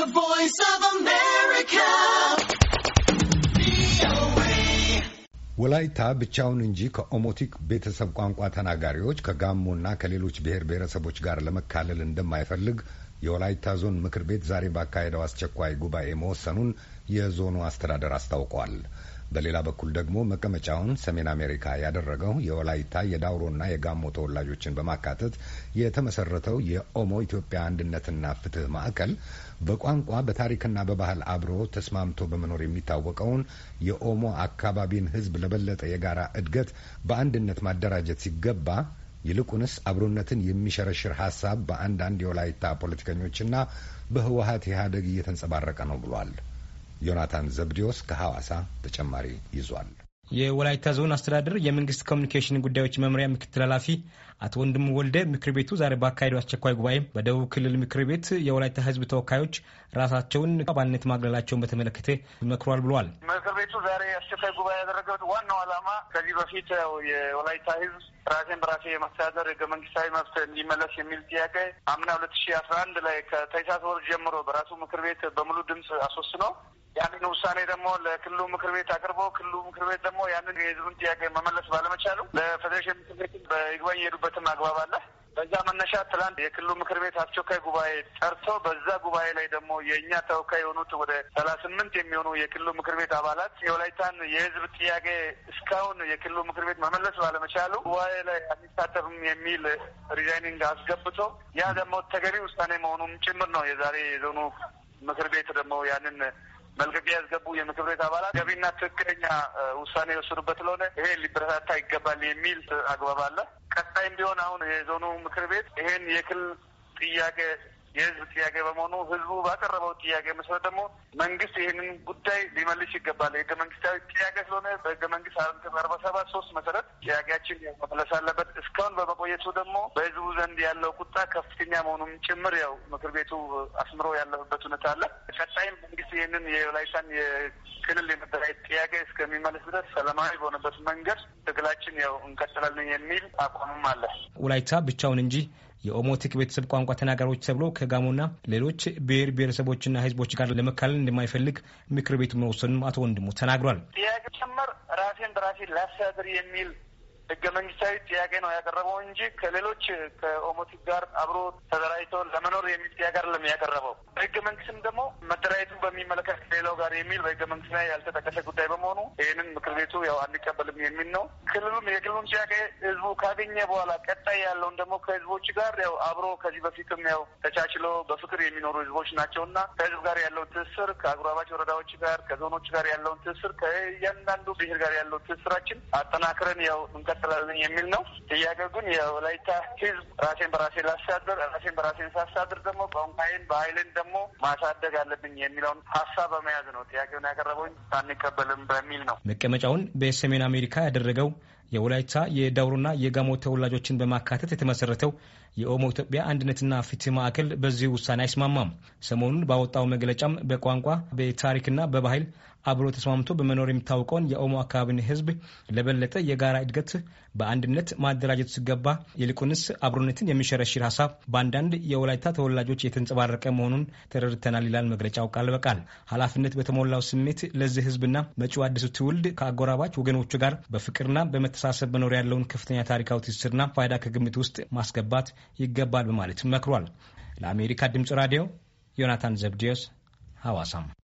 The Voice of America. ወላይታ ብቻውን እንጂ ከኦሞቲክ ቤተሰብ ቋንቋ ተናጋሪዎች ከጋሞና ከሌሎች ብሔር ብሔረሰቦች ጋር ለመካለል እንደማይፈልግ የወላይታ ዞን ምክር ቤት ዛሬ ባካሄደው አስቸኳይ ጉባኤ መወሰኑን የዞኑ አስተዳደር አስታውቋል። በሌላ በኩል ደግሞ መቀመጫውን ሰሜን አሜሪካ ያደረገው የወላይታ የዳውሮና የጋሞ ተወላጆችን በማካተት የተመሰረተው የኦሞ ኢትዮጵያ አንድነትና ፍትህ ማዕከል በቋንቋ በታሪክና በባህል አብሮ ተስማምቶ በመኖር የሚታወቀውን የኦሞ አካባቢን ሕዝብ ለበለጠ የጋራ እድገት በአንድነት ማደራጀት ሲገባ ይልቁንስ አብሮነትን የሚሸረሽር ሀሳብ በአንዳንድ የወላይታ ፖለቲከኞችና በህወሀት ኢህአደግ እየተንጸባረቀ ነው ብሏል። ዮናታን ዘብዲዮስ ከሐዋሳ ተጨማሪ ይዟል። የወላይታ ዞን አስተዳደር የመንግስት ኮሚኒኬሽን ጉዳዮች መምሪያ ምክትል ኃላፊ አቶ ወንድሙ ወልደ ምክር ቤቱ ዛሬ ባካሄደው አስቸኳይ ጉባኤ በደቡብ ክልል ምክር ቤት የወላይታ ሕዝብ ተወካዮች ራሳቸውን አባልነት ማግለላቸውን በተመለከተ መክሯል ብሏል። ምክር ቤቱ ዛሬ አስቸኳይ ጉባኤ ያደረገበት ዋናው ዓላማ ከዚህ በፊት የወላይታ ሕዝብ ራሴን በራሴ የማስተዳደር ህገ መንግስታዊ መብት እንዲመለስ የሚል ጥያቄ አምና ሁለት ሺ አስራ አንድ ላይ ከታህሳስ ወር ጀምሮ በራሱ ምክር ቤት በሙሉ ድምፅ አስወስኖ ያንን ውሳኔ ደግሞ ለክልሉ ምክር ቤት አቅርቦ ክልሉ ምክር ቤት ደግሞ ያንን የህዝቡን ጥያቄ መመለስ ባለመቻሉ ለፌዴሬሽን ምክር ቤት በይግባኝ የሄዱበትም አግባብ አለ። በዛ መነሻ ትላንት የክልሉ ምክር ቤት አስቸኳይ ጉባኤ ጠርቶ በዛ ጉባኤ ላይ ደግሞ የእኛ ተወካይ የሆኑት ወደ ሰላሳ ስምንት የሚሆኑ የክልሉ ምክር ቤት አባላት የወላይታን የህዝብ ጥያቄ እስካሁን የክልሉ ምክር ቤት መመለስ ባለመቻሉ ጉባኤ ላይ አንሳተፍም የሚል ሪዛይኒንግ አስገብቶ ያ ደግሞ ተገቢ ውሳኔ መሆኑም ጭምር ነው። የዛሬ የዞኑ ምክር ቤት ደግሞ ያንን መልቀቂያ ያስገቡ የምክር ቤት አባላት ገቢና ትክክለኛ ውሳኔ የወሰዱበት ስለሆነ ይሄ ሊበረታታ ይገባል የሚል አግባብ አለ። ቀጣይም ቢሆን አሁን የዞኑ ምክር ቤት ይሄን የክልል ጥያቄ የህዝብ ጥያቄ በመሆኑ ህዝቡ ባቀረበው ጥያቄ መሰረት ደግሞ መንግስት ይህንን ጉዳይ ሊመልስ ይገባል። ህገ መንግስታዊ ጥያቄ ስለሆነ በህገ መንግስት አርባ ሰባት ሶስት መሰረት ጥያቄያችን መመለስ አለበት። እስካሁን በመቆየቱ ደግሞ በህዝቡ ዘንድ ያለው ቁጣ ከፍተኛ መሆኑም ጭምር ያው ምክር ቤቱ አስምሮ ያለፍበት ሁኔታ አለ። ቀጣይም ይህንን የላይሳን የክልል የመደራጀት ጥያቄ እስከሚመልስ ድረስ ሰላማዊ በሆነበት መንገድ ትግላችን ያው እንቀጥላለን የሚል አቋምም አለ። ወላይታ ብቻውን እንጂ የኦሞ ቲክ ቤተሰብ ቋንቋ ተናጋሪዎች ተብሎ ከጋሞና ሌሎች ብሔር ብሔረሰቦችና ሕዝቦች ጋር ለመካለል እንደማይፈልግ ምክር ቤቱ መወሰኑም አቶ ወንድሙ ተናግሯል። ጥያቄ ጭምር ራሴን በራሴ ላስተዳድር የሚል ህገ መንግስታዊ ጥያቄ ነው ያቀረበው እንጂ ከሌሎች ከኦሞቲቭ ጋር አብሮ ተደራጅቶ ለመኖር የሚል ጥያቄ አይደለም ያቀረበው። ህገ መንግስትም ደግሞ መደራጀቱን በሚመለከት ጋር የሚል በህገ መንግስት ላይ ያልተጠቀሰ ጉዳይ በመሆኑ ይህንን ምክር ቤቱ ያው አንቀበልም የሚል ነው። ክልሉም የክልሉን ጥያቄ ህዝቡ ካገኘ በኋላ ቀጣይ ያለውን ደግሞ ከህዝቦች ጋር ያው አብሮ ከዚህ በፊትም ያው ተቻችሎ በፍቅር የሚኖሩ ህዝቦች ናቸውና ከህዝብ ጋር ያለው ትስስር ከአጉራባች ወረዳዎች ጋር ከዞኖች ጋር ያለውን ትስስር ከእያንዳንዱ ብሔር ጋር ያለው ትስስራችን አጠናክረን ያው እንቀጥላለን የሚል ነው። ጥያቄው ግን የወላይታ ህዝብ ራሴን በራሴ ላስተዳድር፣ ራሴን በራሴን ሳስተዳድር ደግሞ ቋንቋዬን በሀይልን ደግሞ ማሳደግ አለብኝ የሚለውን ሀሳብ በመያዝ ነው ጥያቄውን ያቀረበው ሳንቀበልም በሚል ነው። መቀመጫውን በሰሜን አሜሪካ ያደረገው የወላይታ የዳውሮና የጋሞ ተወላጆችን በማካተት የተመሰረተው የኦሞ ኢትዮጵያ አንድነትና ፍትህ ማዕከል በዚህ ውሳኔ አይስማማም። ሰሞኑን ባወጣው መግለጫም በቋንቋ በታሪክና በባህል አብሮ ተስማምቶ በመኖር የሚታወቀውን የኦሞ አካባቢን ህዝብ ለበለጠ የጋራ እድገት በአንድነት ማደራጀት ሲገባ ይልቁንስ አብሮነትን የሚሸረሽር ሀሳብ በአንዳንድ የወላይታ ተወላጆች የተንጸባረቀ መሆኑን ተረድተናል ይላል መግለጫው ቃል በቃል። ኃላፊነት በተሞላው ስሜት ለዚህ ህዝብና መጪው አዲሱ ትውልድ ከአጎራባች ወገኖቹ ጋር በፍቅርና በመ መተሳሰብ መኖር ያለውን ከፍተኛ ታሪካዊ ትስስርና ፋይዳ ከግምት ውስጥ ማስገባት ይገባል በማለት መክሯል። ለአሜሪካ ድምፅ ራዲዮ ዮናታን ዘብዲዮስ ሐዋሳም